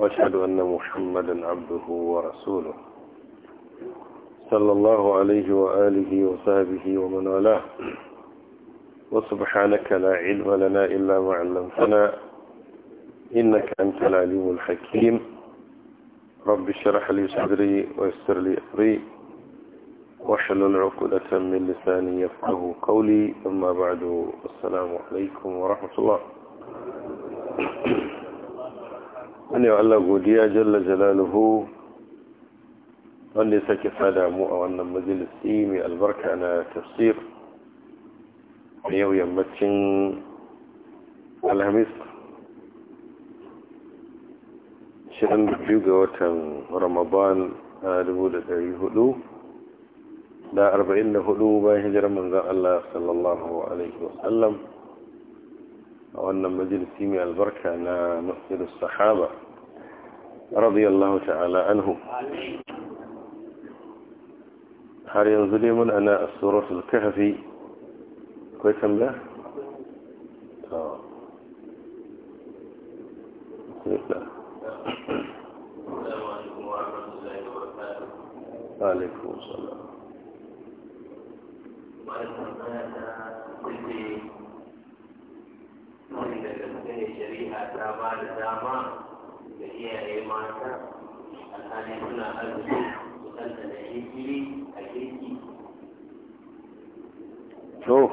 وأشهد أن محمدا عبده ورسوله صلى الله عليه وآله وصحبه ومن والاه وسبحانك لا علم لنا إلا ما علمتنا إنك أنت العليم الحكيم رب اشرح لي صدري ويسر لي أمري واحلل عقدة من لساني يفقه قولي أما بعد السلام عليكم ورحمة الله wani wa Allah godiya jalla jalaluhu wanda ya sake sada mu a wannan majalisi mai albarka na tafsir a yau yammacin alhamis 22 ga watan ramadan na 1400 da 44 bayan hijirar manzan Allah sallallahu alaihi wasallam وأن مدينة تيمي البركة على مسجد الصحابة رضي الله تعالى عنه حاليا ظليم أنا الصورة الكهفي كويسا بها طيب. عليكم السلام وعليكم السلام ne shari'a ta ba da dama ga iyaye mata alhali suna arziki su kanta da hijiri a kirki. To,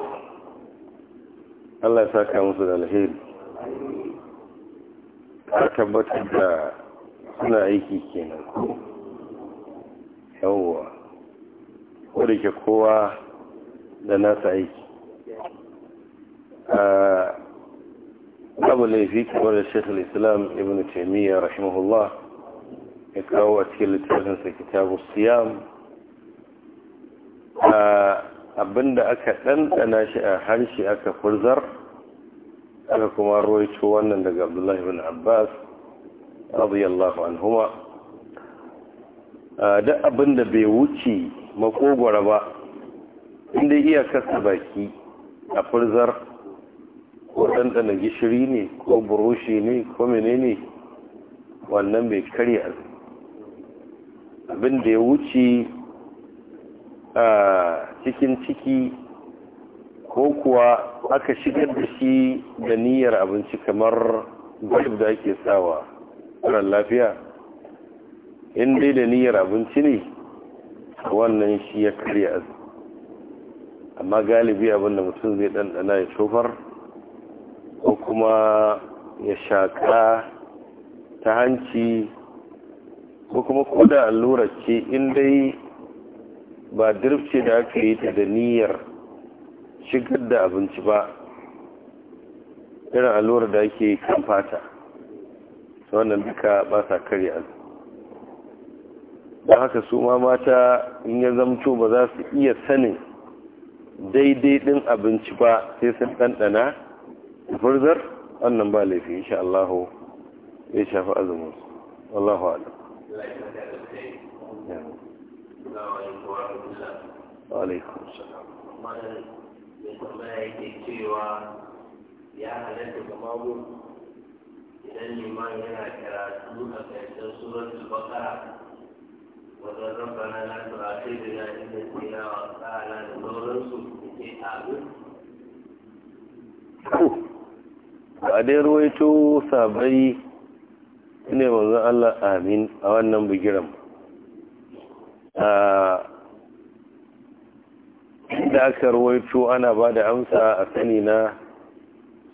Allah ya saka musu da alheri. Ka tabbatar da suna aiki kenan ko? Yawwa, ko da ke kowa da nasa aiki. Ah, babu laifi kamar da shekul islam ibn taimiyya rahimahullah ya kawo a cikin littafinsa kitabu siyam a abinda aka ɗanɗana shi a harshe aka furzar aka kuma roito wannan daga abdullahi bin abbas radiyallahu anhuma duk abinda bai wuce makogwara ba inda iya kasa baki a furzar ko ɗanɗana gishiri ne ko burushi ne ko menene wannan bai karya abin da ya wuce a cikin ciki ko kuwa aka shigar da shi da niyyar abinci kamar gwajib da ake sawa ran lafiya in dai da niyyar abinci ne wannan shi ya karya amma galibi abin da mutum zai ɗanɗana ya shofar kuma ya shaƙa ta hanci ko kuma koda allura ce in dai ba dirfce da aka yi ta da niyyar shigar da abinci ba irin allurar da ake kan fata wannan duka ba sa karya su haka su ma mata in ya zamto ba za su iya sanin daidai ɗin abinci ba sai sun ɗanɗana furzar wannan ba laifi insha Allah ya shafi azumin wallahu a'lam wa alaikum salam ya halatta ga mamu idan liman yana karatu a ƙarshen suratul baqara wajen rabbana la tu'akhidna in nasina wa akhtana da sauransu ke amin ba dai ruwaito sabai ne manzon Allah amin a wannan bigiran da aka ruwaito ana ba da amsa a sani na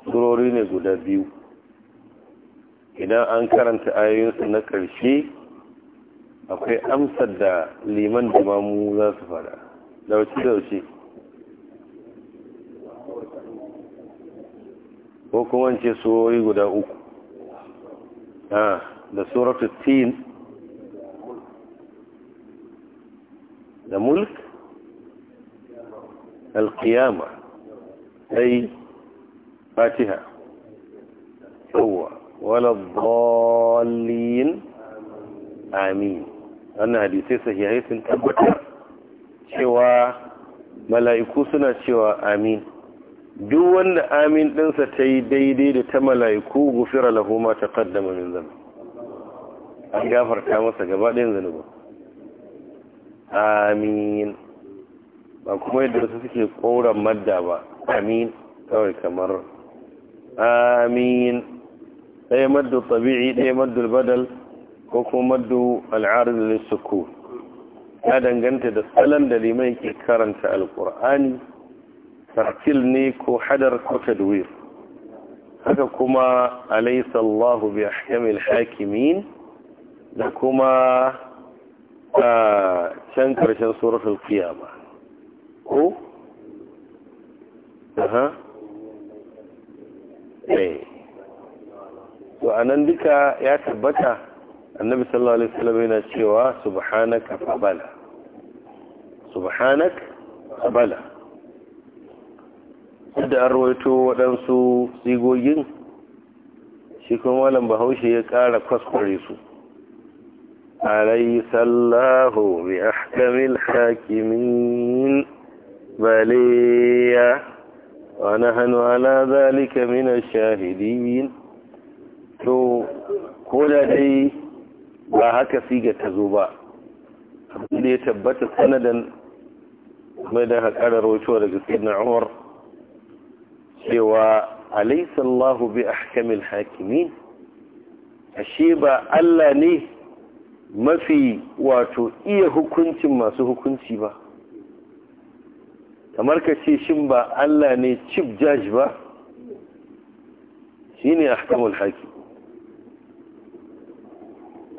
surori ne guda biyu idan an karanta ayoyinsu na ƙarshe akwai amsar da liman da mamu za su fada da wace ko kuma ce surori guda uku da suratu tin da mulk alkiyama ai fatiha yawwa wala dhallin amin wannan hadisai sahihai sun tabbatar cewa mala'iku suna cewa amin duk wanda amin ɗinsa ta yi daidai da ta mala'iku gufira lahu ma ta kaddama min zama an gafarta masa gaba ɗayan zanuba amin ba kuma yadda wasu suke ƙoran madda ba amin kawai kamar amin ɗaya maddu tabi'i ɗaya maddu badal ko kuma maddu al'arin lissukun ya danganta da salon da limai ke karanta alƙur'ani tarkil ne ko hadar ko tadwir haka kuma alaysa Allah bi ahkamil hakimin da kuma can karshen suratul qiyama ko aha eh to anan duka ya tabbata annabi sallallahu alaihi wasallam yana cewa subhanaka fabala subhanaka fabala da an rawaito waɗansu sigogin shi kuma malam bahaushe ya ƙara kwaskware su ahkamil hakimin baliya wa nahnu ala zalika min ash-shahidin to ko da dai ba haka siga ta zo ba da ya tabbata sanadan mai da haƙarar wato daga Sayyidina umar cewa alaysa Allahu bi ahkamil hakimin ashe ba Allah ne mafi wato iya hukuncin masu hukunci ba kamar ka ce shin ba Allah ne chief judge ba shine ahkamul hakim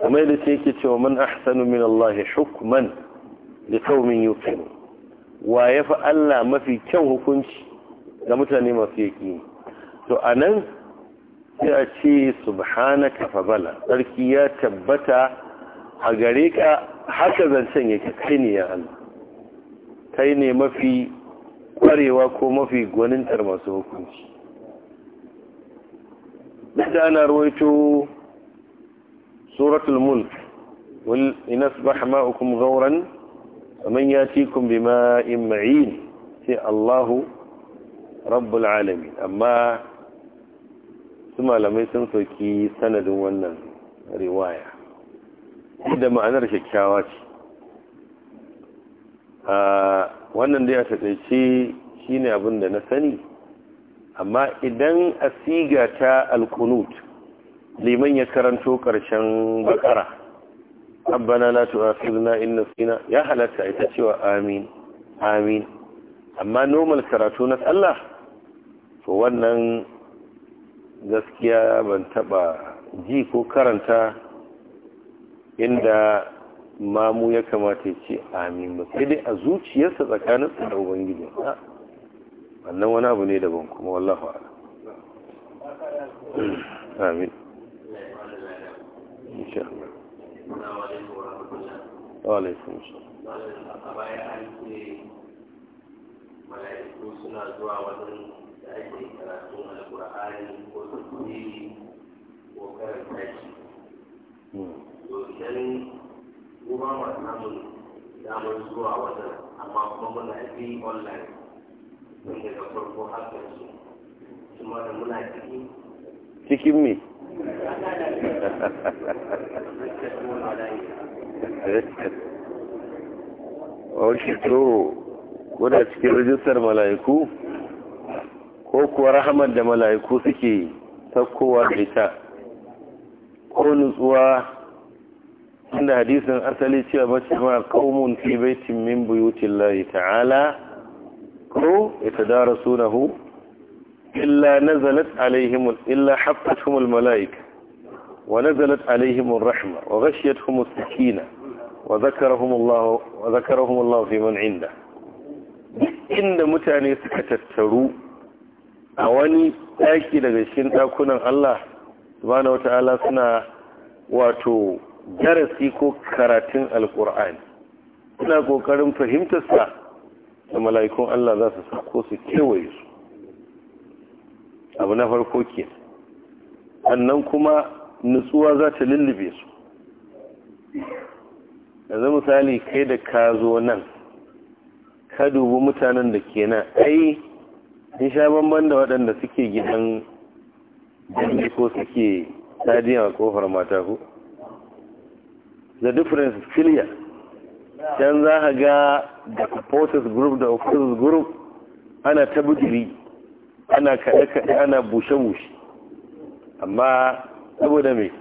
kamar yadda ce yake cewa man ahsanu min Allah hukman li qaumin yuqinun wa yafi Allah mafi kyan hukunci ga mutane masu yaki to a nan sai a ce subhanaka fabala tsarki ya tabbata a gare ka haka zancen yake kai ne ya Allah kai ne mafi kwarewa ko mafi gwanintar masu hukunci da ana ruwaito suratul mulk wal inasbah ma'ukum ghawran faman yatikum bima'in ma'in sai Allahu rabbul alamin amma su malamai sun soki sanadin wannan riwaya da ma'anar kyakkyawa ce wannan da ya taƙaice shi ne abin da na sani amma idan a siga ta alkunut liman ya karanto ƙarshen bakara abbana la tu'akhidna in nasina ya halatta ita cewa amin amin amma normal karatu na Allah to wannan gaskiya ban taba ji ko karanta inda mamu ya kamata ya ce amin ba sai dai a zuciyarsa tsakanin su da ubangiji ah, wannan wani abu ne daban kuma wallahu ala amin insha Allah wa alaikum suna zuwa wajen da ake karatu alƙur'ani ko tafsiri ko karanta shi to idan mu ba ma samun damar zuwa wajen amma kuma muna yi online tun daga farko har ƙarshe kuma da muna ciki cikin me ok to kuna cikin rajistar mala'iku ko kuwa rahamar da mala'iku suke sakkowa da ita ko nutsuwa inda hadisin asali cewa bace ma qaumun fi baitin min buyutillahi ta'ala ko yatadarasunahu illa nazalat alaihim illa haffatuhum almalaika wa nazalat alaihim arrahma wa ghashiyatuhum as-sakina wa dhakarahum Allah wa dhakarahum Allah fi man inda inda mutane suka tattaru a wani ɗaki daga cikin ɗakunan Allah subhanahu wata'ala suna wato darasi ko karatun alkur'ani suna kokarin fahimtarsa da mala'ikun Allah za su sako su kewaye su abu na farko ke sannan kuma nutsuwa za ta lullube su yanzu misali kai da ka zo nan ka dubi mutanen da ke na ai in sha banban da waɗanda suke gidan jirgi ko suke tadiyan a kofar mata ku the difference is clear can za ka ga da forces group da officers group ana ta bujiri ana kaɗe-kaɗe ana bushe-bushe amma saboda mai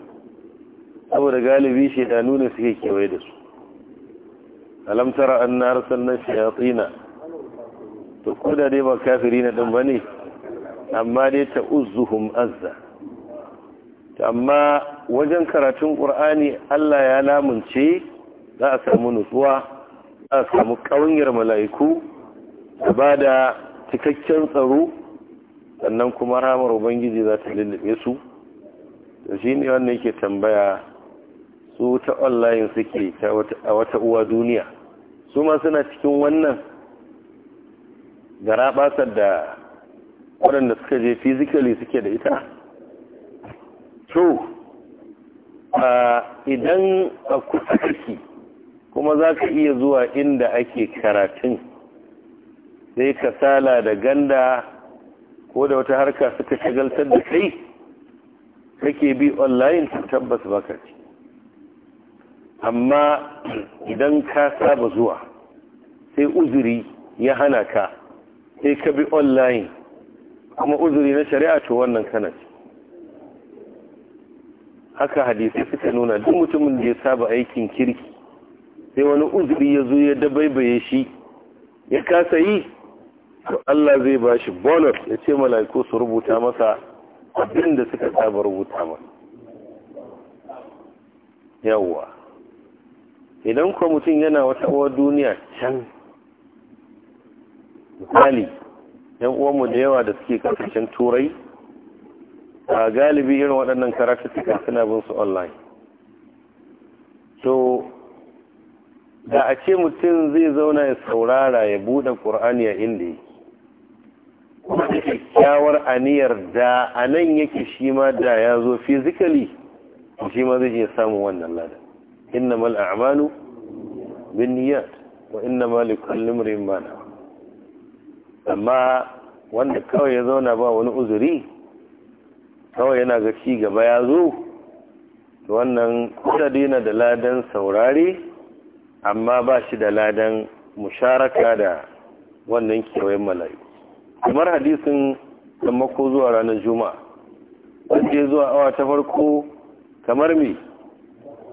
saboda galibi shaidanu ne suke kewaye da su alamtara an na harsar nan shayatina to ko da dai ba kafiri na ɗin ba ne amma dai ta uzuhum azza amma wajen karatun ƙur'ani Allah ya lamunce za a samu nutsuwa za a samu ƙawanyar mala'iku da ba da cikakken tsaro sannan kuma ramar ubangiji za ta lullube su da shi ne wanda yake tambaya su ta online suke a wata uwa duniya su ma suna cikin wannan gara basar da waɗanda suka je fizikali suke da ita to idan a kusa kake kuma za ka iya zuwa inda ake karatun sai kasala da ganda ko da wata harka suka shagaltar da kai kake bi online tabbas baka ci amma idan ka saba zuwa sai uzuri ya hana ka sai ka bi online kuma uzuri na shari'a to wannan kana haka hadisi suka nuna duk mutumin da ya saba aikin kirki sai wani uzuri ya zo ya dabaibaye shi ya kasa yi to Allah zai ba shi bonus ya ce mala'iku su rubuta masa abin da suka saba rubuta masa yawwa idan kuma mutum yana wata uwar duniya can misali yan uwanmu da yawa da suke kasashen turai a galibi irin waɗannan karatuttuka suna bin su online so da a ce mutum zai zauna ya saurara ya buɗe ƙur'ani a inda yi kuma da kyakkyawar aniyar da a nan yake shi ma da ya zo fizikali shi ma zai iya samun wannan ladan innamal a'malu bin niyyat wa innamal likulli imrin ma amma wanda kawai ya zauna ba wani uzuri kawai yana ga ci gaba ya zo wannan kudadina da ladan saurari amma ba shi da ladan musharaka da wannan kewayen malayu kamar hadisin sammako zuwa ranar juma wanda ya zuwa awa ta farko kamar mi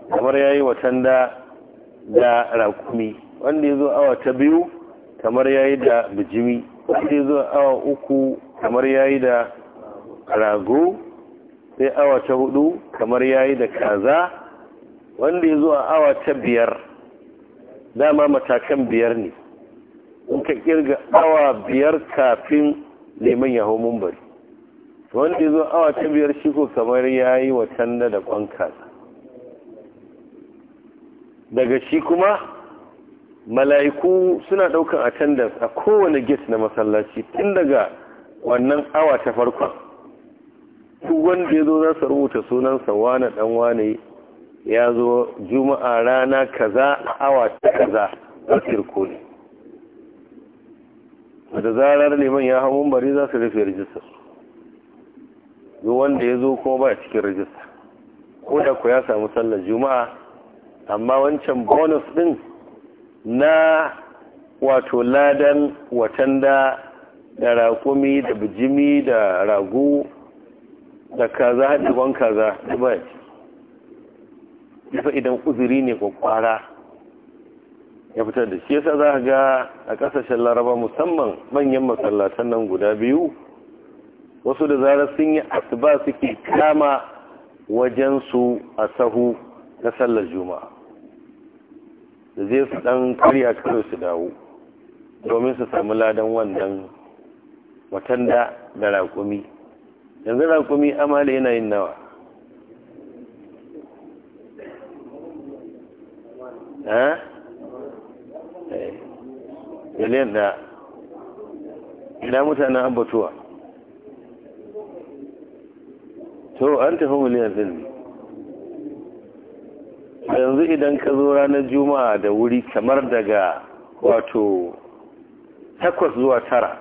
kamar ya yi watan da da rakumi wanda ya zuwa awa ta biyu kamar ya yi da bijimi sai zuwa awa uku kamar yayi da rago sai awa ta hudu kamar yayi da kaza wanda ya zuwa awa ta biyar dama matakan biyar ne in ka kirga awa biyar kafin neman mumbari wanda ya zuwa awa ta biyar shi ko kamar ya yi watan da kwan kaza daga shi kuma mala'iku suna ɗaukan attendance a kowane gate na masallaci tun daga wannan awa ta farkon duk wanda ya zo za su rubuta sunansa wane dan wane ya zo juma'a rana kaza a awa ta kaza a kirko ne da zarar neman ya hau bari za su rufe rijistar duk wanda ya zo kuma ba cikin rijista ko da ku ya samu sallar juma'a amma wancan bonus din na wato ladan watanda da rakumi da bijimi da rago da kaza haɗiban kaza ya idan uzuri ne kwakwara ya fitar da shi yasa za ga a ƙasashen laraba musamman manyan masallatan nan guda biyu wasu da zarar sun yi asuba suke kama wajen su a sahu na sallar juma'a da zai su dan karya karo su dawo domin su samu ladan wannan watan da da raƙumi yanzu raƙumi amali yana yin nawa ha? Eh, miliyan da ina mutanen ambatuwa to an tafi miliyan zilmi a yanzu idan ka zo ranar juma'a da wuri kamar daga wato takwas zuwa tara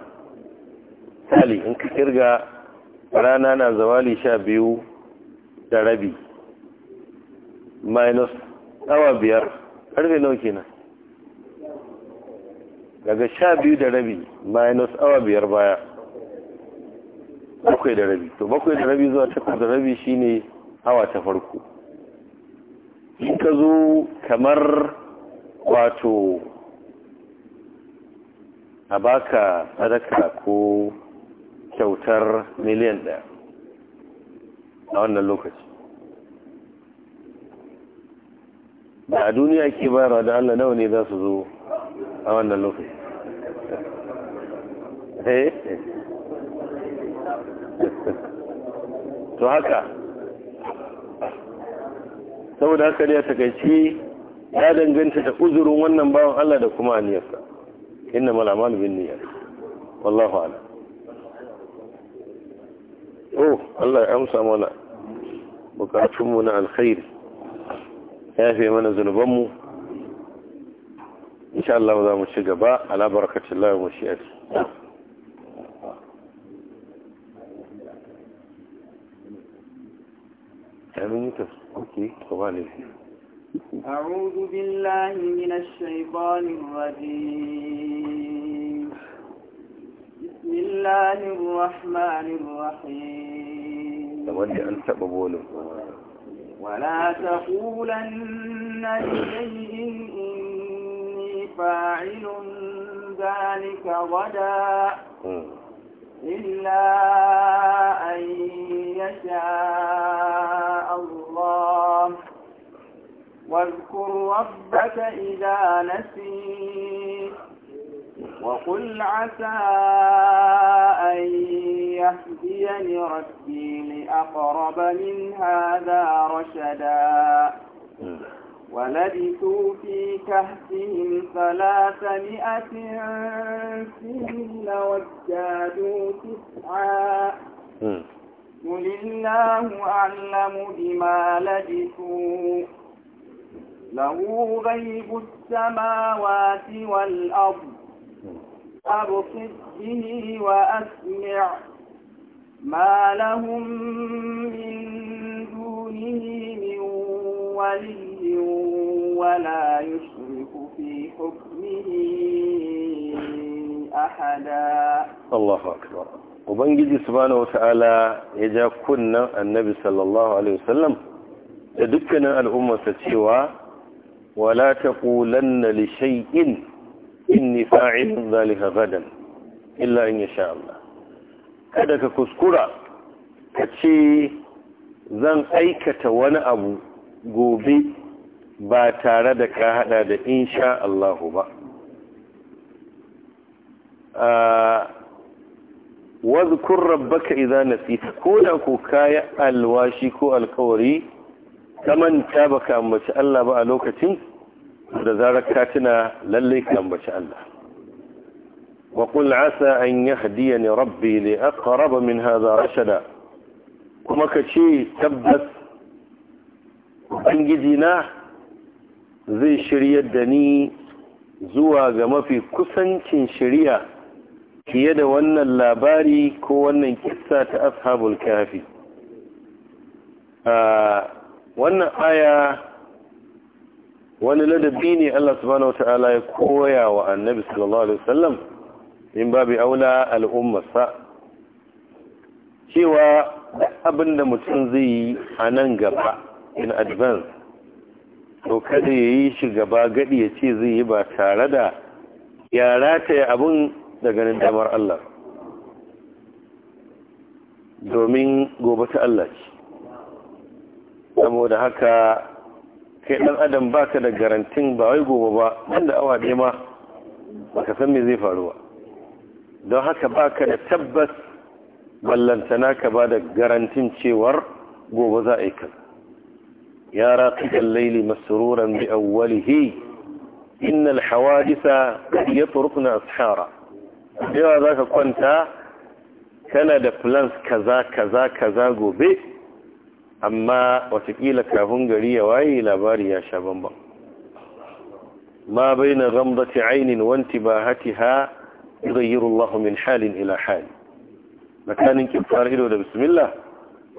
tali in ka kirga rana na zawali sha biyu da rabi minus awa biyar karfe nau kenan daga sha biyu da rabi minus awa biyar baya bakwai da rabi to bakwai da rabi zuwa takwas da rabi shine awa ta farko in ka zo kamar wato a baka sadaka ko kyautar miliyan ɗaya a wannan lokaci da a duniya ke bayarwa da Allah nawa ne za su zo a wannan lokaci eh? to haka saboda haka ne a takaici ya danganta da uzurin wannan bawan Allah da kuma aniyarsa inna malamal bin niyya wallahu a'lam oh Allah ya amsa mana bukatunmu na alkhairi ya fi mana zunubanmu insha Allah za mu ci gaba ala barakatullahi wa shi'ati أمين أوكي طبعا أعوذ بالله من الشيطان الرجيم بسم الله الرحمن الرحيم ولا تقولن لشيء إني فاعل ذلك غدا إلا أن يشاء الله واذكر ربك إذا نسيت وقل عسى أن يهديني ربي لأقرب من هذا رشدا ولبثوا في كهفهم ثلاثمائة سنين وازدادوا تسعا قل الله أعلم بما لبثوا له غيب السماوات والأرض أبصر به وأسمع ما لهم من دونه من ولي ولا يشرك في حكمه أحدا الله أكبر Ubangiji subhanahu wata'ala ya ja kunnan annabi sallallahu Alaihi wasallam da dukkanin al'ummarsa cewa, Wala ta ƙulanna li shay'in inni fa'ilin zalika gadan, illa in sha Allah. Kada ka kuskura, ka ce zan aikata wani abu gobe ba tare da ka hada da insha Allahu ba wazkur rabbaka idza nasita ko da ko kaya alwashi ko alkawari kaman ta ka ambaci Allah ba a lokacin da zarar ka tuna lalle ka ambaci Allah wa asa an yahdiyani rabbi li aqrab min hadha rashada kuma ka ce tabbas ubangiji na zai shiryar da ni zuwa ga mafi kusancin shirya fiye da wannan labari ko wannan kissa ta ashabul kafi wannan aya wani ladabi ne Allah subhanahu wata'ala ya koya wa annabi sallallahu alaihi wasallam in babu aula al'ummarsa cewa abinda mutum zai yi a nan gaba in advance to kada ya yi shi gaba gadi ya ce zai yi ba tare da ya ya abin da ganin damar Allah domin gobe ta Allah ce saboda haka kai dan adam baka da garantin ba wai gobe ba nan da awa ɗaya ma baka san me zai faru ba don haka baka da tabbas ballantana ka ba da garantin cewar gobe za a yi kaza يا راقد الليل مسرورا بأوله إن الحوادث قد يطرقن أسحارا يا ذاك كنت كان da plans kaza kaza kaza gobe amma watakila kafin gari ya waye labari ya sha bamban ma baina ghamdati aynin wa intibahatiha yughayyiru Allahu min halin ila hal makanin kifar ido da bismillah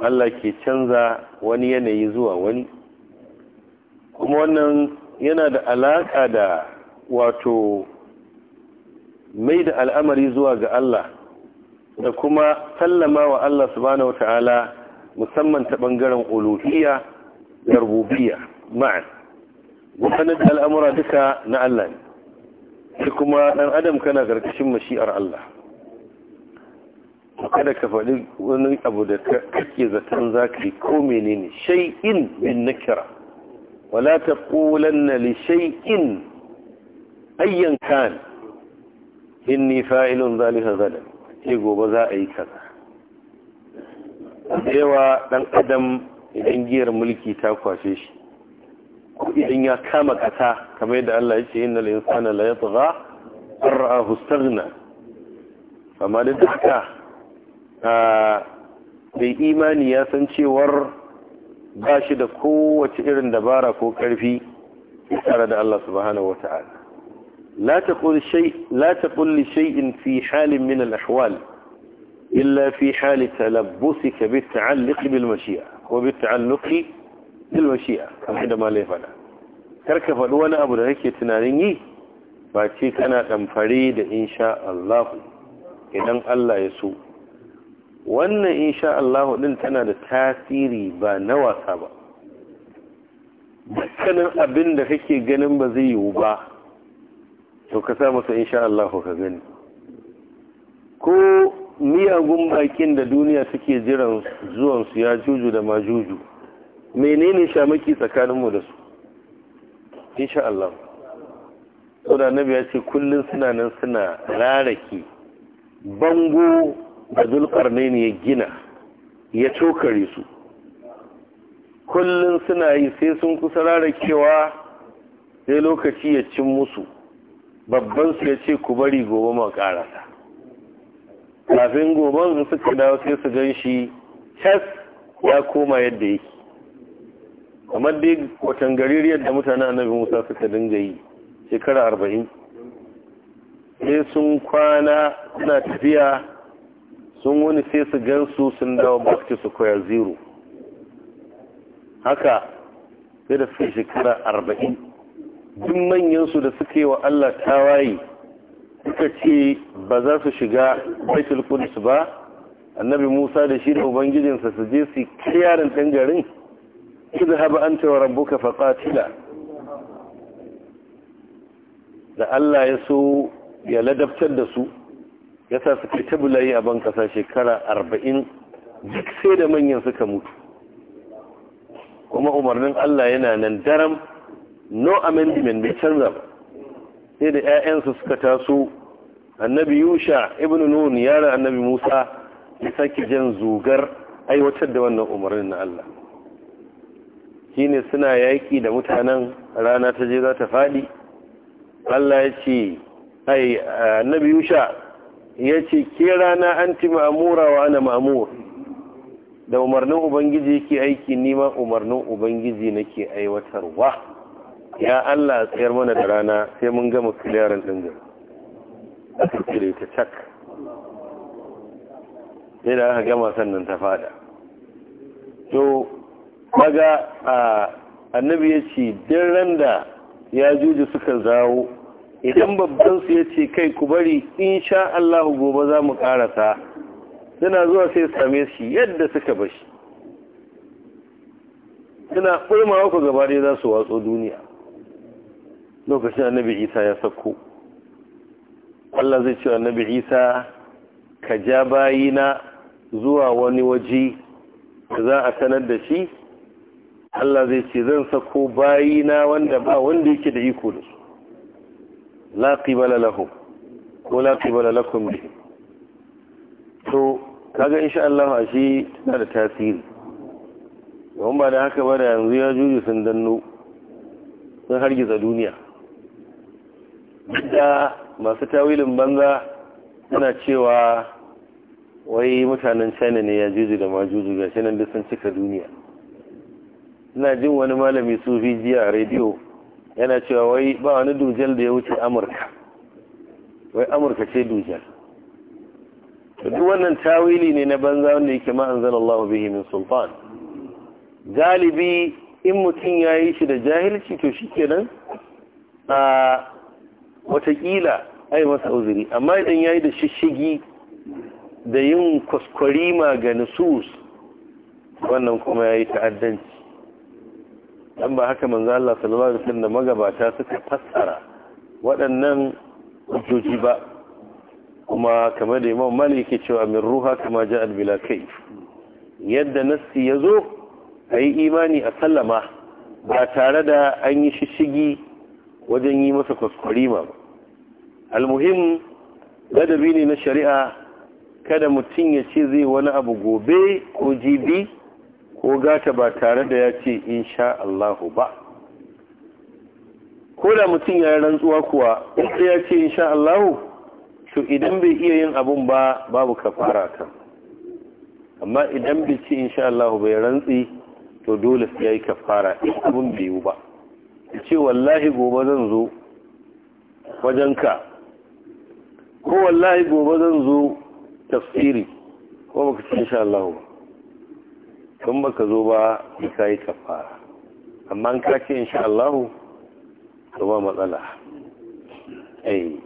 Allah ke canza wani yanayi zuwa wani kuma wannan yana da alaƙa da wato mai da al'amari zuwa ga Allah da kuma sallama wa Allah subhanahu wa ta'ala musamman ta ɓangaren uluhiyya da rububiyya ma'an waɗannan da al'amura duka na Allah ne shi kuma ɗan adam kana ƙarƙashin mashi'ar Allah kada ka faɗi wani abu da kake zaton za ka yi ko menene shai'in bin nakira wala taqulanna li shay'in ayyan kan inni fa'ilun zalika gadan gobe za a yi kaza yawa ɗan adam idan giyar mulki ta kwashe shi Ko idan ya kama kasa kamar yadda Allah ya ce innal insana la yatgha ra'ahu istaghna amma da haka bai imani ya san cewar ba shi da kowace irin dabara ko ƙarfi tare da Allah subhanahu wa ta'ala la ta shay la shay'in fi halin min al-ahwal illa fi hali talabbusika bi ta'alluq bil mashi'a ko bi ta'alluq bil mashi'a kamar da malai fada karka faɗi wani abu da kake tunanin yi ba ce kana ɗamfare da insha Allah idan Allah ya so wannan insha Allah din tana da tasiri ba na wasa ba dukkanin abin da kake ganin ba zai yiwu ba to ka sa masa insha Allah ka gani ko miyagun bakin da duniya suke jiran zuwansu ya juju da ma juju? menene shamaki tsakaninmu da su insha Allah saboda nabi ya ce kullum suna nan suna rarake bango da ne ya gina ya cokare su kullum suna yi sai sun kusa rarakewa sai lokaci ya cin musu babbansu su ya ce ku bari gobe ma karasa kafin goban su suka dawo sai su gan shi cas ya koma yadda yake kamar dai watan garir yadda mutane annabi musa suka dinga yi shekara arba'in sai sun kwana suna tafiya sun wani sai su gan su sun dawo baski su koya zero haka sai da suka shekara arba'in duk manyansu da suke wa Allah tawaye suka ce ba za su shiga baitul kudus ba annabi musa da shi da ubangijinsa su je su kiyarin ɗan garin da haɓa an cewa rabbuka faƙatila da Allah ya so ya ladabtar da su yasa suka ta tabulayi a ban kasa shekara arba'in duk sai da manyan suka mutu kuma umarnin Allah yana nan daram no amendment bai canza ba sai da 'ya'yansu suka taso annabi yusha ibn nun yara annabi musa ya sake jan zugar aiwatar da wannan umarnin na Allah shine suna yaƙi da mutanen rana ta je za ta faɗi Allah ya ce ai annabi yusha ya ce ke rana an ti ma'amura wa ana ma'amur da umarnin ubangiji yake aiki nima umarnin ubangiji nake aiwatarwa ya Allah tsayar mana da rana sai mun gama kiliyarin ɗin a kirkire ta cak sai da aka gama sannan ta fada to a annabi ya ce ɗin randa ya juji suka zawo idan babban su ya ce kai ku bari insha Allah gobe za mu karasa suna zuwa sai same shi yadda suka bashi suna ɓulmawa ku gaba dai za su watso duniya lokacin annabi isa ya sako Allah zai ce annabi isa ka ja bayina zuwa wani waje da za a sanar da shi Allah zai ce zan sako bayina wanda ba wanda yake da iko da su la qibala lahum ko la qibala lakum to kaga insha Allah shi tana da tasiri don ba da haka ba da yanzu ya juju sun danno sun hargiza duniya da masu tawilin banza suna cewa wai mutanen china ne ya juju da majuju ga shi nan duk sun cika duniya ina jin wani malami sufi jiya a rediyo yana cewa wai ba wani dujal da ya wuce amurka wai amurka ce dujal duk wannan tawili ne na banza wanda yake ma anzalallahu bihi min sultan galibi in mutum ya yi shi da jahilci to shi kenan a watakila ai masa uzuri amma idan ya yi da shishigi da yin ma ga nusus wannan kuma ya yi ta'addanci dan ba haka manzo Allah sallallahu alaihi wasallam da magabata suka fassara waɗannan hujjoji ba kuma kamar da Imam Malik yake cewa min ruha kama ja'al bila kai yadda nassi yazo ayi imani a sallama ba tare da an yi shishigi wajen yi masa kwakwarima ba almuhim ladabi ne na shari'a kada mutum ya ce zai wani abu gobe ko jibi ko gata ba tare da ya ce insha Allahu ba ko da mutum ya rantsuwa kuwa in ya ce insha Allahu to idan bai iya yin abun ba babu kafara kan amma idan bai ce insha Allahu bai rantsi to dole sai yi kafara in abun bai yi ba ce wallahi gobe zan zo wajenka ko wallahi gobe zan zo tafsiri ko baka ce insha Allahu ba tun baka zo ba ka yi kafara amma an kace insha Allah to ba matsala eh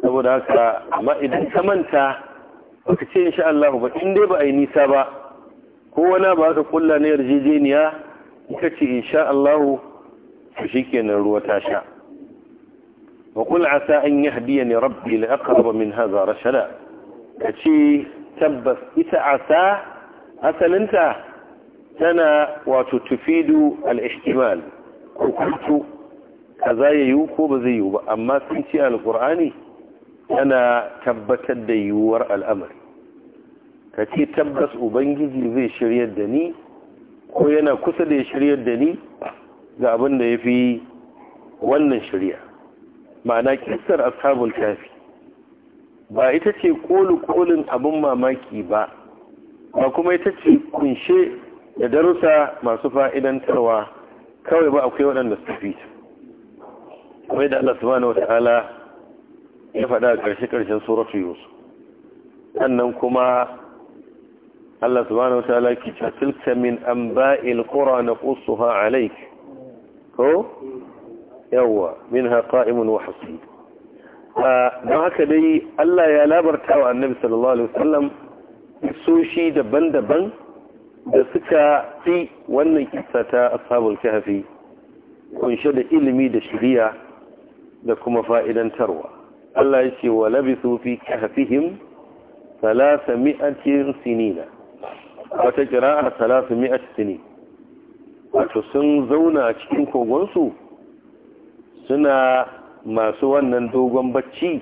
saboda haka amma idan ka manta baka ce insha Allah ba in dai ba a yi nisa ba ko wani ba ka kulla na yarjejeniya ka ce insha Allah to shikenan ruwa ta sha asa وقل عسى أن يهديني ربي لأقرب من هذا kace tabbas ita asa. asalinta tana wato tufidu al-ihtimal ko kuntu kaza yayu ko ba zai yiwu ba amma sun ce alqur'ani tana tabbatar da yiwuwar al'amari ka ce tabbas ubangiji zai shiryar da ni ko yana kusa da ya shiryar da ni ga abin da ya fi wannan shirya ma'ana kisar ashabul kafi ba ita ce kolu kolin abin mamaki ba kuma ita ce kunshe da darussa masu fa'idantarwa kawai ba akwai waɗanda su fi kamar da Allah subhanahu wata'ala ya faɗa a ƙarshe ƙarshen suratu yusuf sannan kuma Allah subhanahu wata'ala ki ce tilka min an ƙura anba'il qura ha alaik ko yawa minha qa'imun wa hasid ah, don haka dai Allah ya labarta wa annabi sallallahu alaihi wasallam isoshi daban-daban da suka fi wannan kisa ta asabar kafi kunshe da ilimi da shiriya da kuma fa'idantarwa Allah ya ce wa labi fi kafihim salasa mi'atin sinina wata kira'a salasa mi'atin sini wato sun zauna cikin kogonsu suna masu wannan dogon bacci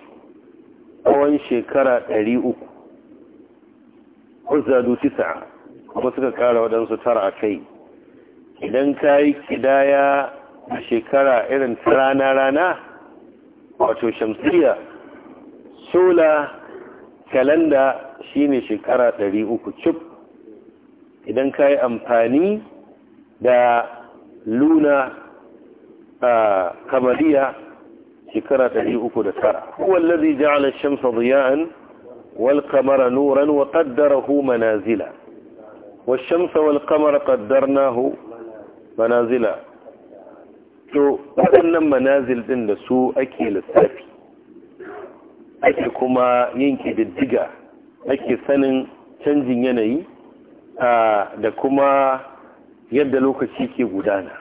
tsawon shekara ɗari uku uzadu tisa kuma suka kara waɗansu tara a kai idan ka yi kidaya a shekara irin rana-rana wato shamsiya sola kalanda shine shekara 300 cuf, idan ka yi amfani da luna a kamariya shekara 309 kowallazi ja'ala shamsa ziya'an والقمر نورا وقدره منازلا والشمس والقمر قدرناه منازلا to waɗannan manazil ɗin da su ake lissafi ake kuma yin ƙididdiga ake sanin canjin yanayi da kuma yadda lokaci ke gudana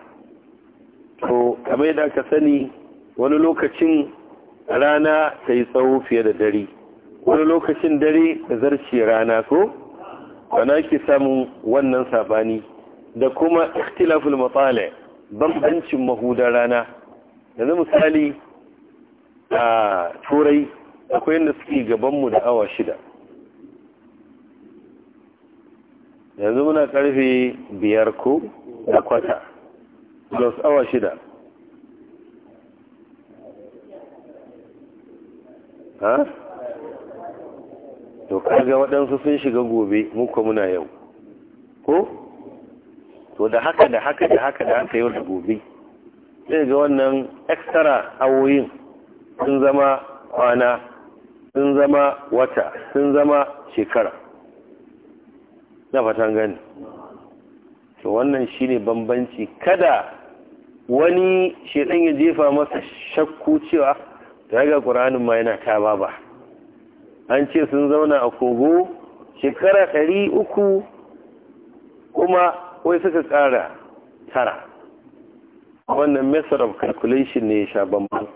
to kamar yadda aka sani wani lokacin rana ta yi tsawo fiye da dare wani lokacin dare da zarce rana ko wana ke samun wannan sabani da kuma ikhtilaful matsala bambancin mahudar rana yanzu misali a turai akwai yadda suke gabanmu da awa shida yanzu muna karfe biyar ko da kwata plus awa shida ha? to kaga waɗansu sun shiga gobe muka muna yau ko to da haka da haka da haka da haka yau da gobe sai ga wannan extra awoyin sun zama kwana sun zama wata sun zama shekara na fatan gani to wannan shine bambanci kada wani shedan ya jefa masa shakku cewa daga ƙuranin ma yana ta ba an ce sun zauna a kogo shekara ɗari uku kuma wai suka ƙara tara wannan method of calculation ne ya sha bambam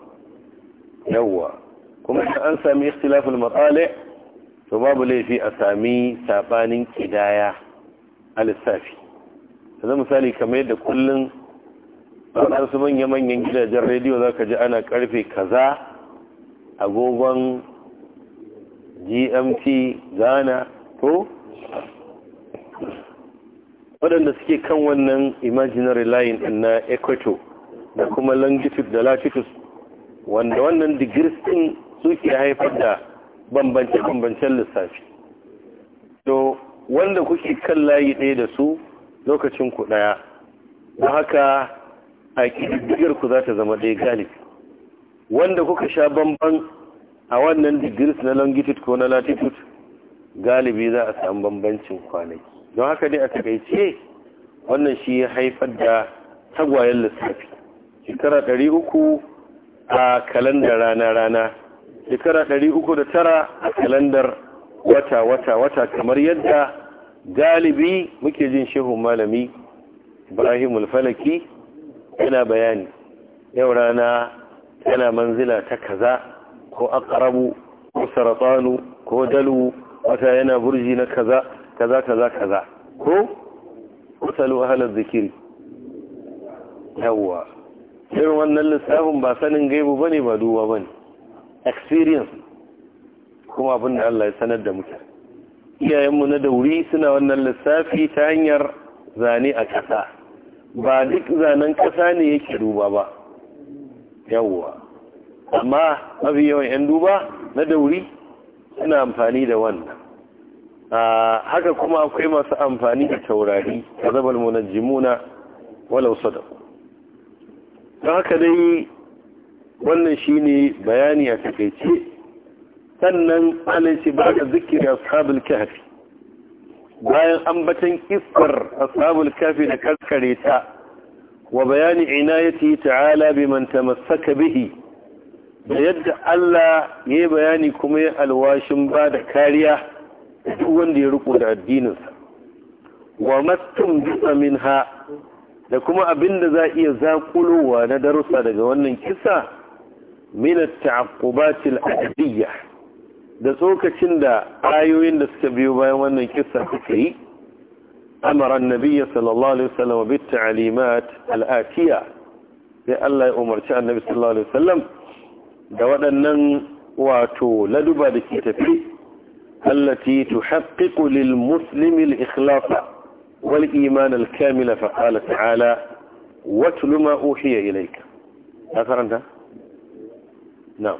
yawwa kuma idan an sami istilafin matsale to babu laifi a sami sabanin ƙidaya. a lissafi yanzu misali kamar yadda kullum a su manya-manyan gidajen rediyo za ka ji ana ƙarfe kaza agogon gmt ghana to waɗanda suke kan wannan imaginary line ɗin na equator da kuma longitude da latitude wanda wannan degrees ɗin suke haifar da bambance-bambancen lissafi to wanda kuke kan layi ɗaya da su lokacin ku ɗaya don haka a ƙididdigar ku za ta zama ɗaya galibi wanda kuka sha bamban a wannan degrees na longitude ko na latitude galibi za a samu bambancin kwanaki don haka dai a takaice wannan shi ya haifar da tagwayen lissafi shekara ɗari uku a kalandar rana-rana shekara ɗari uku da tara a kalandar wata-wata-wata kamar yadda galibi muke jin shehun malami ibrahim alfalaki yana bayani yau rana tana manzila ta kaza ko akarabu ko saratanu ko dalu wata yana burji na kaza kaza kaza kaza ko kusalu ahlaz zikiri yawwa irin wannan lissafin ba sanin gaibu ne ba duba ne. experience kuma abin da Allah ya sanar da muke iyayenmu na dauri suna wannan lissafi ta hanyar zane a ƙasa ba duk zanen ƙasa ne yake duba ba yawwa amma mafi yawan 'yan duba na dauri suna amfani da wannan haka kuma akwai masu amfani da taurari a zabar munajimuna walau sada don haka dai wannan shi ne bayani a takaice sannan alaisi ba ka zikiri sabul kafi bayan ambatan iskar ashabul kafi da karkare ta wa bayani ina inayati ta'ala man tamassaka bihi da yadda Allah ya yi bayani kuma ya alwashin ba da kariya duk wanda ya riko da addininsa wa mastum bisa ha da kuma abin da za iya zakulowa na darussa daga wannan kisa min ta taaqqubatil adabiyya da tsokacin da ayoyin da suka biyo bayan wannan kisa suka yi amara annabi sallallahu alaihi wasallam bit ta'limat al-atiya sai Allah ya umarci annabi sallallahu alaihi wasallam da waɗannan wato laduba da ke tafi allati tuhaqqiqu lil muslimi al ikhlasa wal iman al kamila fa qala ta'ala watlu ma uhiya ilayka ka karanta na'am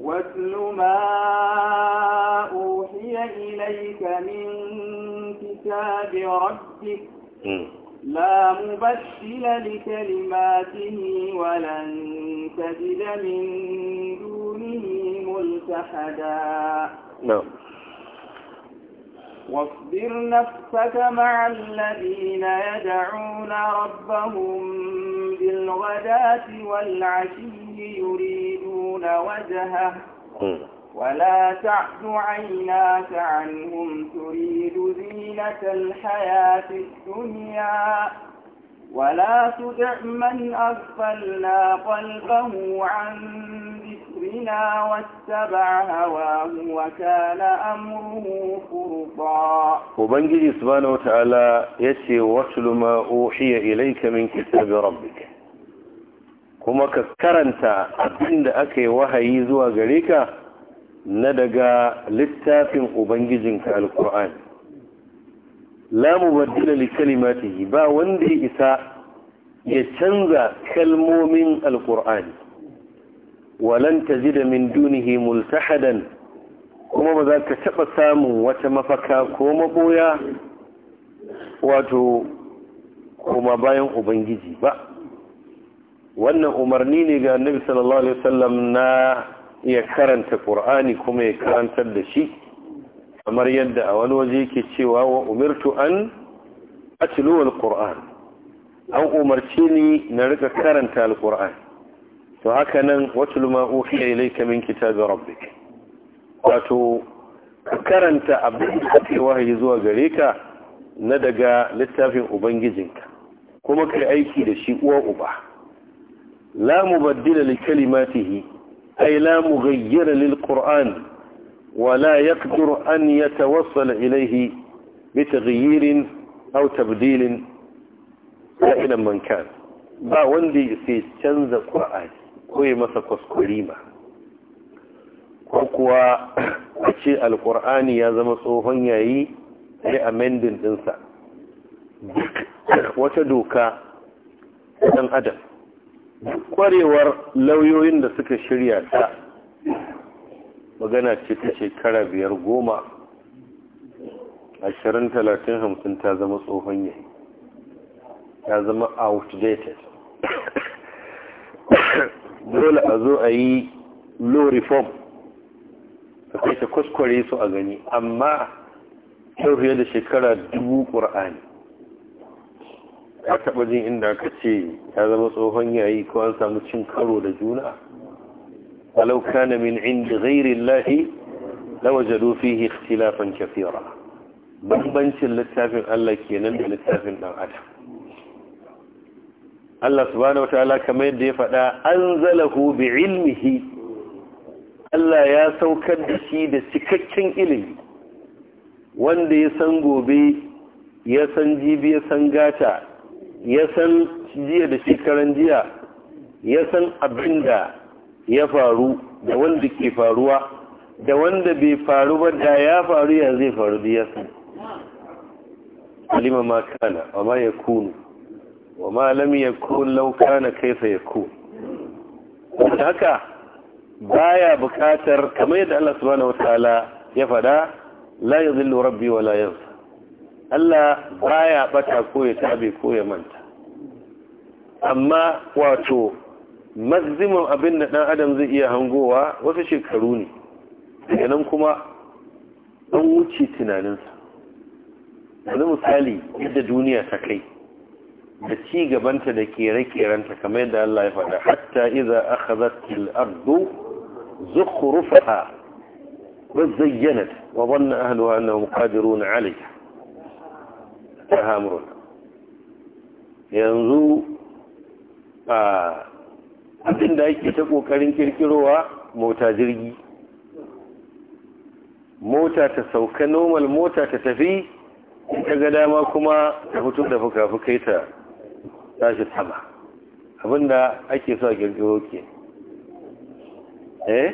watlu ma uhiya ilayka min kitabi rabbik hmm. لا مبدل لكلماته ولن تجد من دونه ملتحدا نعم واصبر نفسك مع الذين يدعون ربهم بالغداة والعشي يريدون وجهه ولا تعد عيناك عنهم تريد زينة الحياة الدنيا ولا تدع من أغفلنا قلبه عن ذكرنا واتبع هواه وكان أمره فرطا وبنجي سبحانه وتعالى يسي واتل ما أوحي إليك من كتاب ربك kuma ka karanta abin da aka yi wahayi zuwa gare ka na daga littafin ubangijinka alkur'ani la mubaddila li kalimatihi ba wanda ya isa ya canza kalmomin alkur'ani walan da min dunihi multahadan kuma ba za ka taɓa samun wata mafaka ko maboya wato kuma bayan ubangiji ba wannan umarni ne ga annabi sallallahu alaihi wasallam na ya karanta ƙur'ani kuma ya karantar da shi kamar yadda a wani waje yake cewa wa umirtu an atluwal qur'an an umarci ni na rika karanta alqur'an to haka nan watul ma uhiya ilayka min kitabi rabbika wato karanta abin da ake wahayi zuwa gare ka na daga littafin ubangijinka kuma kai aiki da shi uwa uba la mubaddila li kalimatihi أي لا مغير للقرآن ولا يقدر أن يتوصل إليه بتغيير أو تبديل كائنا من ba wanda sai canza ƙura'ani ko ya masa kwaskwarima ko kuwa a ce alƙura'ani ya zama tsohon yayi sai amendin ɗinsa duk wata doka ɗan adam kwarewar lauyoyin da suka shirya ta magana ce ta shekara biyar goma ashirin talatin hamsin ta zama tsohon yi ta zama outdated dole a zo a yi low reform kai ta kuskure su a gani amma yau fiye da shekara dubu ƙur'ani ka taɓa jin inda ka ce ya zama tsohon yayi ko an samu cin karo da juna walau kana min inda ghairi lahi lawajadu fihi ikhtilafan kathira bambancin littafin Allah kenan da littafin dan adam Allah subhanahu wataala kamar yadda ya faɗa anzalahu bi ilmihi Allah ya saukar da shi da cikakken ilimi wanda ya san gobe ya san jibi ya san gata ya san jiya da shekaran jiya ya san abin da ya faru da wanda ke faruwa da wanda bai faru ba da ya faru ya zai faru da ya san alimama kana wa ma ya kunu wa ma lam ya kun lau kana kaifa ya haka baya bukatar kamar yadda Allah subhanahu wa ta'ala ya fada la rabbi wa la yansa Allah baya bata ko ya tabe ko ya manta amma wato mazimin abin da ɗan adam zai iya hangowa wasu shekaru ne daga nan kuma an wuce tunaninsa wani misali yadda duniya ta kai da ci gabanta da kere-kerenta kamar yadda Allah ya faɗa hatta iza zartil ardu zukhrufaha wa zayyanat wa dhanna ahluha annahum qadirun 'alayha yanzu a abin da ake ta ƙoƙarin ƙirƙirowa mota jirgi mota ta sauka normal mota ta tafi ta ga dama kuma ta fito da fuka-fukai ta tashi sama abin da ake so a ƙirƙiro ke eh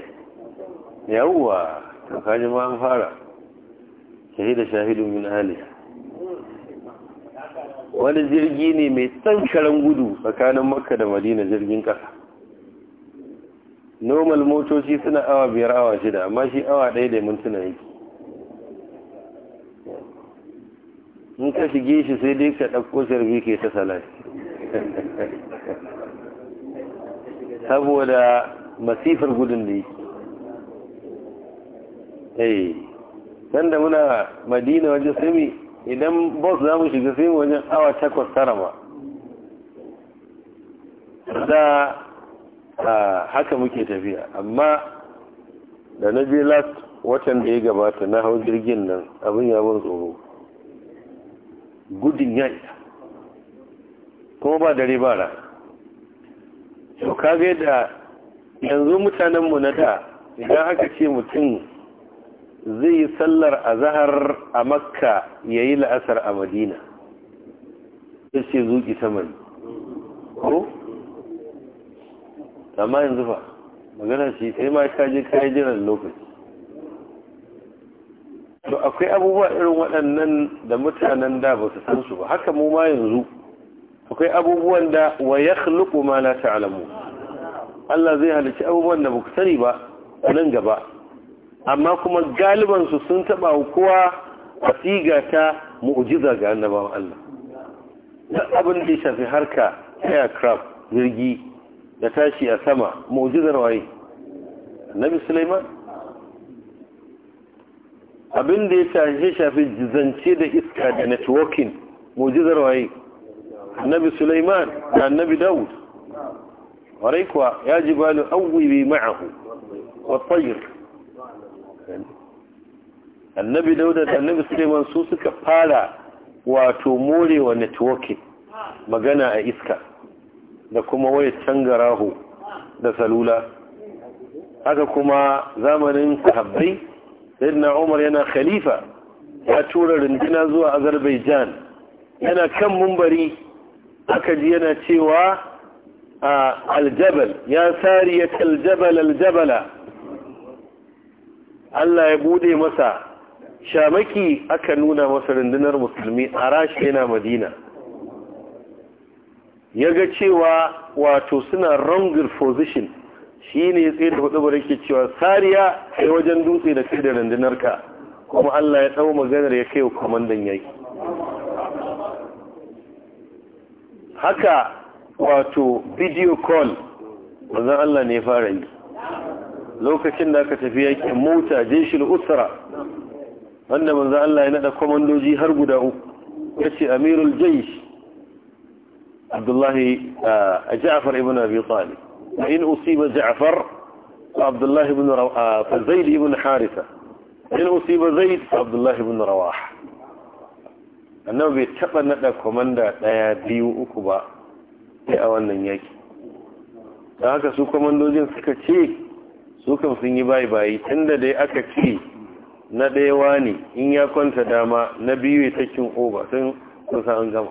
yawwa ta kaji ma an fara shahida shahidun min aliya wani jirgi ne mai tsankaran gudu tsakanin makka da madina jirgin ƙasa normal motoci suna awa biyar awa shida amma shi awa ɗaya da mintuna yake in ka shige shi sai dai ka ɗauko sirbi ke ta salati saboda masifar gudun da yake ɗaya eh, sanda muna madina wajen sami idan bas za mu shiga sai wajen awa takwas tara ba da haka muke tafiya amma da na biyu last watan da ya gabata na hau jirgin nan abin ya ban tsoro gudun ya isa kuma ba dare ba ra to da yanzu mutanenmu na da idan aka ce mutum zai yi sallar azahar a makka ya yi la'asar a madina ya ce zuƙi saman ko? amma yanzu fa magana shi sai ma ka je kayan jiran lokaci to akwai abubuwa irin waɗannan da mutanen da ba su san su ba haka mu ma yanzu akwai abubuwan da wa ya ma la ta'lamu Allah zai halicci abubuwan da ba ku sani ba nan gaba amma kuma galibansu sun taba kowa a siga ta mu'ujiza ga annabawan Allah duk abin da ya shafi harka aircraft jirgi da tashi a sama mu'ujizar waye annabi Suleiman. abin da ya shafi zance da iska da networking mu'ujizar waye annabi Suleiman da annabi Dawud kuwa ya ji bani auwi bi ma'ahu wa tsayir annabi dauda da annabi suleiman su suka fara wato morewa networking magana a iska da kuma waya raho da salula haka kuma zamanin sahabbai sayyidina umar yana khalifa ya tura rundina zuwa azerbaijan yana kan mumbari aka ji yana cewa a aljabal ya tsari ya aljabal aljabala Allah ya bude masa shamaki aka nuna masa rundunar musulmi arash yana madina ya ga cewa wato suna wrong position shi ne ya tsaye da hudu bari cewa sariya ya wajen dutse da kai da ka kuma allah ya tsawo maganar ya kai wa kwamandan yaki haka wato video call wanzan allah ne fara yi lokacin da aka tafi yakin mota da usra wanda manzo Allah ya nada komandoji har guda uku yace amirul jaysh Abdullahi Ja'far ibn Abi Talib in usiba Ja'far Abdullahi ibn Rawaha Zaid ibn Haritha in usiba Zaid Abdullahi ibn rawah annabi bai taba nada komanda daya biyu uku ba sai a wannan yaki da haka su komandojin suka ce su kan sun yi bayi bayi tunda dai aka ce na ɗaya ne in ya kwanta dama na biyu ya takin oba sun kusa an gama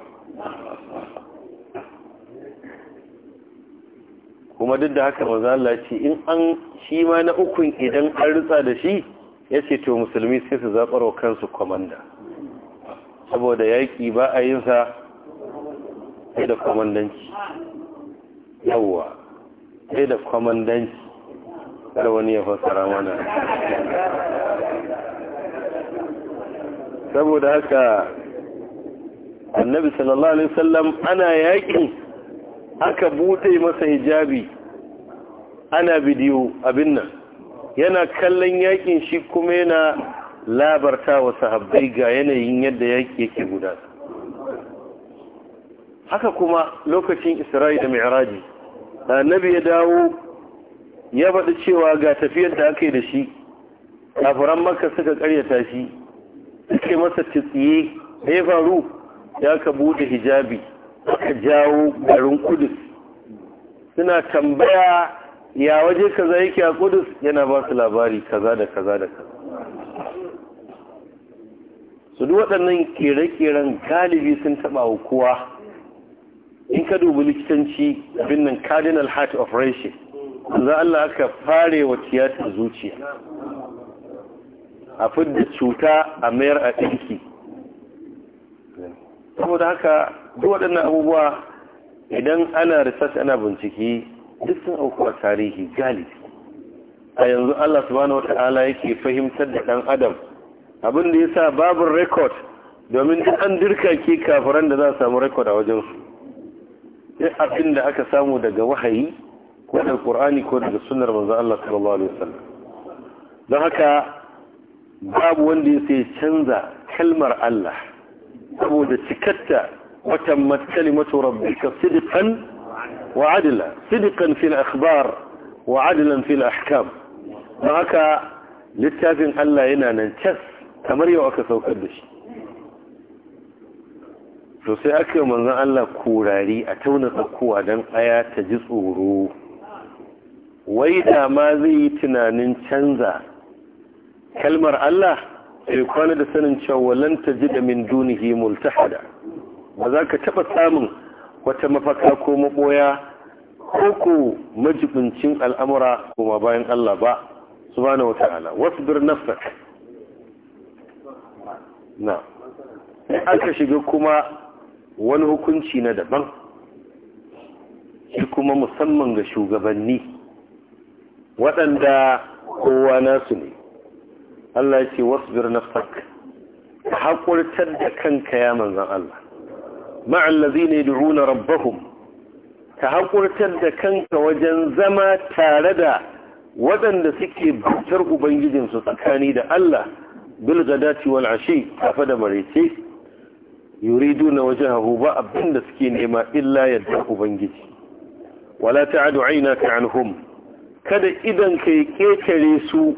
kuma duk da haka maza ce in an shi ma na ukun idan an ritsa da shi ya ce to musulmi sai su zaɓar wa kansu kwamanda saboda yaƙi ba a yin sa sai da kwamandanci yawwa sai da kwamandanci da wani ya fassara mana saboda haka annabi sallallahu alaihi wasallam ana yakin aka bute masa hijabi ana bidiyo abin nan yana kallon yakin shi kuma yana labarta wa sahabbai ga yanayin yadda yaki yake gudana haka kuma lokacin isra'i da mi'raji annabi ya dawo ya faɗi cewa ga tafiyar da aka yi da shi kafiran maka suka ƙaryata shi suke masa tsitsiye da ya faru ya ka bude hijabi aka jawo garin kudus suna tambaya ya waje kaza yake a kudus yana ba su labari kaza da kaza da kaza su duk waɗannan kere-keren galibi sun taɓa hukuwa in ka dubi likitanci abin nan cardinal heart operation za Allah aka fare wa tiyatar zuciya a fidda cuta a mayar a ɗinki saboda haka duk waɗannan abubuwa idan ana research ana bincike duk sun auku a tarihi galibi a yanzu Allah subhanahu wata'ala yake fahimtar da ɗan adam abin da ya sa babin rekod domin duk an dirka ke kafiran da za a samu rekod a wajensu duk abin da aka samu daga wahayi ko da ƙur'ani ko daga sunar manzan Allah sallallahu alaihi wasallam don haka babu wanda ya sai canza kalmar Allah saboda cikatta watan matkalimatu rabbika sidqan wa adla sidqan fil akhbar wa adlan fil ahkam haka littafin Allah yana nan cas kamar yau aka saukar da shi to sai aka manzon Allah kurari a tauna tsakuwa dan aya ta ji tsoro wai da ma zai yi tunanin canza kalmar Allah sai kwana da sanin cewa lan da min dunihi multahada ba za ka taba samun wata mafaka ko maboya ko ko majibincin al'amura kuma bayan Allah ba subhanahu wata'ala wasbir nafsak na aka shiga kuma wani hukunci na daban shi kuma musamman ga shugabanni waɗanda kowa nasu ne Allah ya ce wasbir nafsak haƙurtar da kanka ya manzan Allah ma'allazi ne du'una rabbahum ka haƙurtar da kanka wajen zama tare da waɗanda suke bautar ubangijinsu tsakani da Allah bil gadati wal ashi kafa da marece yuriduna wajhahu ba abinda suke nema illa yadda ubangiji wala ta'adu aynaka anhum kada idan kai ketare su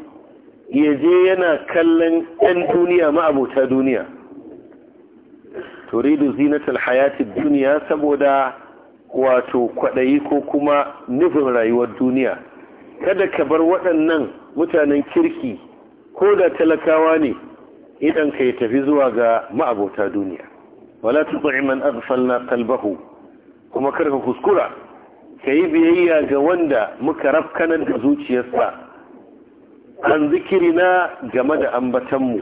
Yaje yana kallon 'yan duniya ma'abota duniya turidu zinatul hayati duniya saboda wato kwaɗayi ko kuma nufin rayuwar duniya kada ka bar waɗannan mutanen kirki ko da talakawa ne idan ka yi tafi zuwa ga ma'abota duniya wala tuɓi man aghfalna kalbahu kuma karka kuskura ka yi biyayya ga wanda muka rafkanar da zuciyarsa an zikiri na game da ambatanmu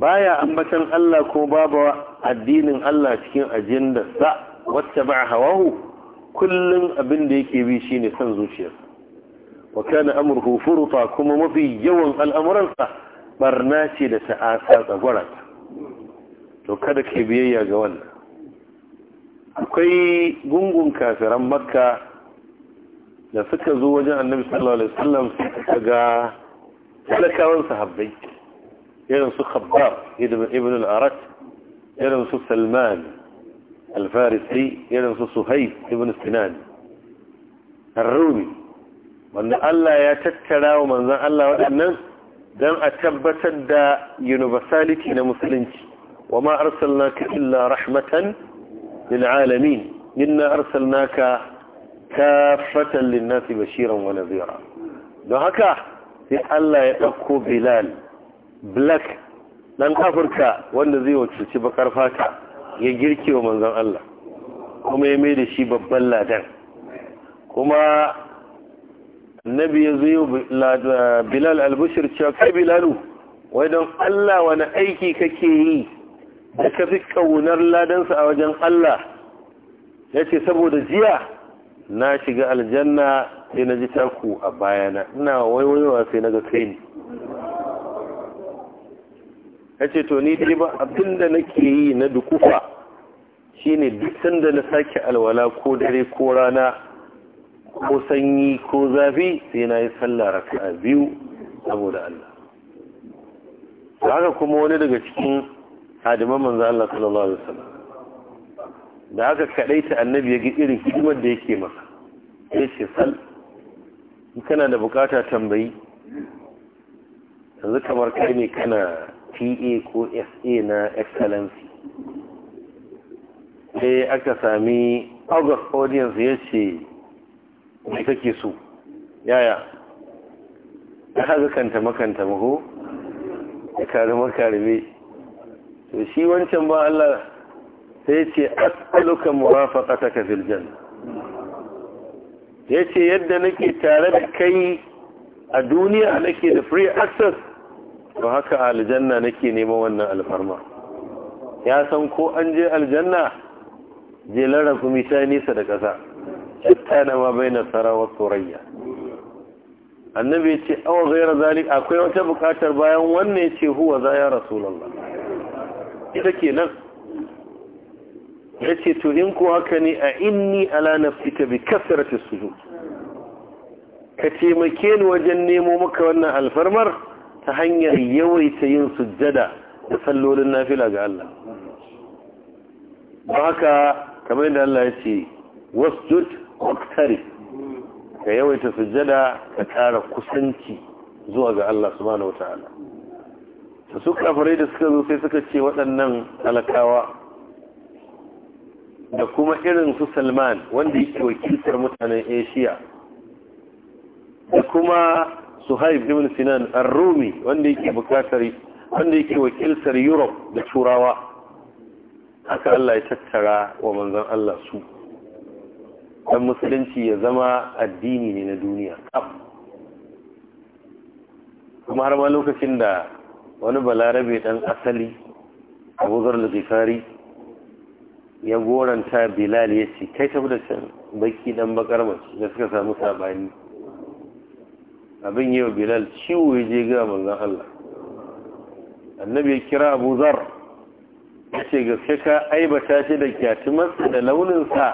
baya ambatan Allah ko babu addinin Allah cikin sa wacce ba hawahu kullum abin da yake bi shine san zuciyar wa kana amurhu furuta kuma mafi yawan al'amuransa barna ce da ta'asa tsagwarata to kada ka biyayya ga wannan akwai gungun kafiran makka da suka zo wajen annabi sallallahu alaihi wasallam suka ga talakawan sahabbai irin su khabbar ibn al-arat irin su salman al-farisi irin su suhaib ibn sinan ar-rumi wanda Allah ya tattara wa manzon Allah waɗannan dan a tabbatar da universality na musulunci wa ma arsalnaka illa rahmatan lil alamin inna arsalnaka kafatan linnasi bashiran wa nadhira don haka sai Allah ya dauko Bilal Black dan Afirka wanda zai wuce bakar fata ya girke wa manzon Allah kuma ya mai da shi babban ladan kuma nabi ya zo Bilal al bushr cewa kai Bilalu wai don Allah wani aiki kake yi da ka fi kaunar ladansa a wajen Allah yace saboda jiya na shiga aljanna sai na ji taku a bayana ina waiwaiwa sai na ga kai ne ya ce to ni dai ba abinda nake yi na dukufa shine duk sanda na sake alwala ko dare ko rana ko sanyi ko zafi sai na yi sallah raka'a biyu saboda Allah haka kuma wani daga cikin hadiman manzo Allah sallallahu alaihi wasallam da aka kaɗaita annabi ya ga irin hidimar da yake maka ya ce sal kana da bukata tambayi yanzu kamar kai ne kana ta ko sa na excellency sai aka sami august audience ya ce mai kake so yaya ya haka kanta makanta maho ya kare makarbe to shi wancan ba allah sai ce as'aluka murafaqataka fil janna yace yadda nake tare da kai a duniya nake da free access to haka aljanna nake neman wannan alfarma ya san ko an je aljanna je larafu mita nisa da kasa hatta da ma bai nasara turayya annabi ya ce awa gaira zalik akwai wata bukatar bayan wannan ce huwa za ya rasulallah ita kenan ya ce to in ko haka ne a inni ala nafsika bi kasratis sujud ka taimake ni wajen nemo maka wannan alfarmar ta hanyar yawaita yin sujjada da sallolin nafila ga Allah ba haka kamar yadda Allah ya ce wasjud waqtari ka yawaita sujjada ka tsara kusanci zuwa ga Allah subhanahu wataala su suka fara da suka zo sai suka ce waɗannan alakawa. da kuma irin su salman wanda yake wakiltar mutanen asia da kuma suhaib ibn sinan ar-rumi wanda yake bukatar wanda yake wakiltar europe da turawa haka Allah ya tattara wa manzon Allah su dan musulunci ya zama addini ne na duniya kuma har ma lokacin da wani balarabe dan asali abu zar al ya goranta bilal ya ce kai tafi da can baki dan bakar mace da suka samu sabani abin yi wa bilal ciwo ya je ga manzan Allah annabi ya kira abu zar ya ce gaske ka aibata shi da kyatumarsa da launinsa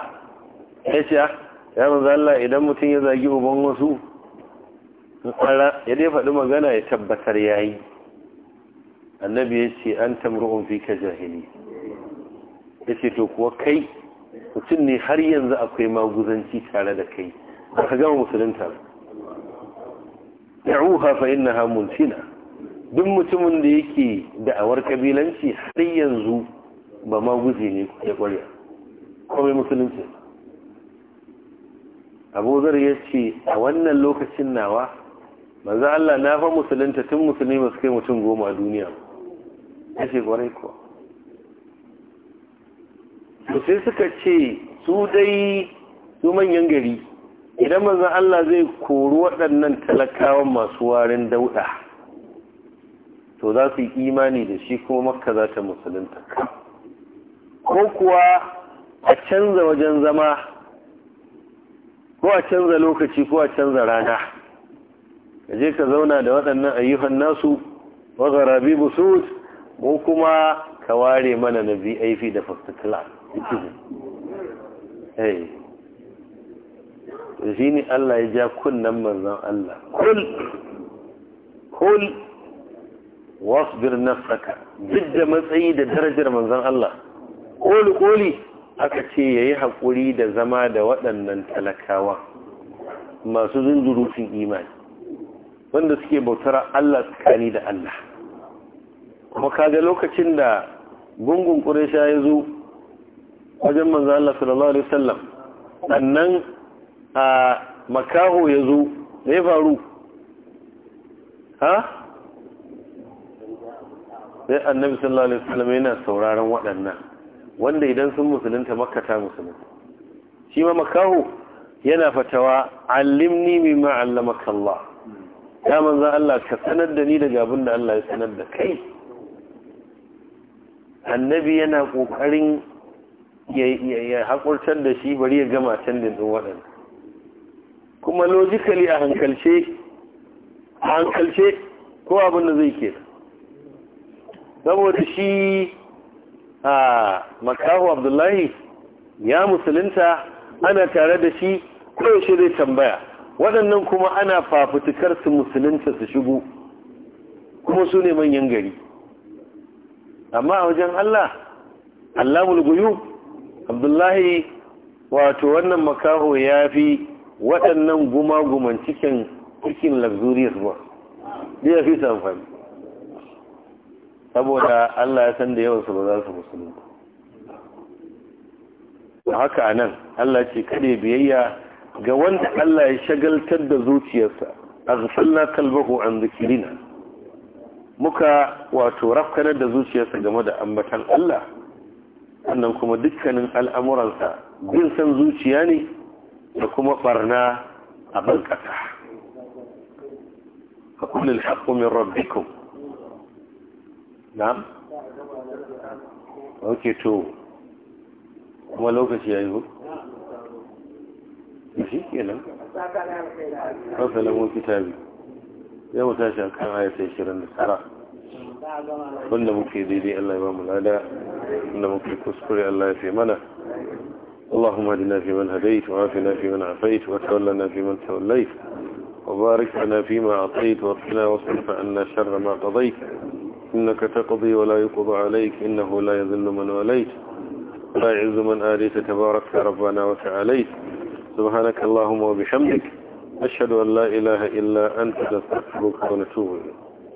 ya ce ah, ya manzan Allah idan mutum ya zagi uban wasu ya dai faɗi magana ya tabbatar yayi annabi ya ce an tamru'un fi ka jahili ya ce to kuwa kai mutum ne har yanzu akwai maguzanci tare da kai ba ka gama musulunta ya ruha fa na hamun multina duk mutumin da yake da'awar kabilanci har yanzu ba maguzi ne ya kwarya kome musulunci abuzar ya ce a wannan lokacin nawa maza Allah na fa musulunta tun musulmi ba kai mutum goma a duniya ya ce kwarai kuwa to sai suka ce su dai su manyan gari idan manzan Allah zai kori waɗannan talakawan masu warin dauɗa to za su yi imani da shi kuma makka za ta musulunta ko kuwa a canza wajen zama ko a canza lokaci ko a canza rana ka je ka zauna da waɗannan ayyuhan nasu wa zarabi busut ko kuma ka ware mana na vip da first shi ne Allah ya ja kunnan manzan Allah kul kul wasbir nafsaka duk da matsayi da darajar manzan Allah koli koli aka ce ya yi haƙuri da zama da waɗannan talakawa masu zunzurutun imani wanda suke bautar Allah tsakani da Allah kuma kaga lokacin da gungun ƙurisha ya zo wajen manzan Allah sallallahu alaihi wasallam sannan a makaho ya zo ne faru ha sai annabi sallallahu alaihi wasallam yana sauraron waɗannan wanda idan sun musulunta makka ta musulunta shi ma makaho yana fatawa alimni mai ma'allamaka Allah ya manzan Allah ka sanar da ni daga abin da Allah ya sanar da kai annabi yana ƙoƙarin. ya haƙurtar da shi bari ya gama canjin ɗin waɗanda kuma logically a hankalce a hankalce ko abin da zai ke saboda shi a makahu abdullahi ya musulunta ana tare da shi koyaushe zai tambaya waɗannan kuma ana fafutukar su musulunta su shigo kuma su ne manyan gari amma a wajen Allah Allah mulguyu abdullahi wato wannan makaho ya fi waɗannan guma-guman cikin cikin luxurious ba ya fi su amfani saboda Allah ya san da yawansu ba za su musulunta haka nan Allah ce kare biyayya ga wanda Allah ya shagaltar da zuciyarsa aghfalna kalbahu an zikirina muka wato rafkanar da zuciyarsa game da ambatan Allah sannan kuma dukkanin al'amuransa bin san zuciya ne da kuma barna a ban ƙasa a kullum haƙumin rabbikun na? ok to kuma lokaci ya yi hu? shi ke nan? ƙasa lamun kitabi yau tashi a kan ayatai 29 بنا مكي دي دي الله إمام mu بنا مكي كسكري الله في منا اللهم mana اللهم اهدنا فيمن هديت وعافنا فيمن عافيت وتولنا فيمن توليت وبارك لنا فيما عطيت وقنا واصرف عنا شر ما قضيت إنك تقضي ولا يقضى عليك إنه لا يذل من وليت ولا يعز من آليت تبارك ربنا وتعاليت سبحانك اللهم وبحمدك أشهد أن لا إله إلا أنت نستغفرك ونتوب إليك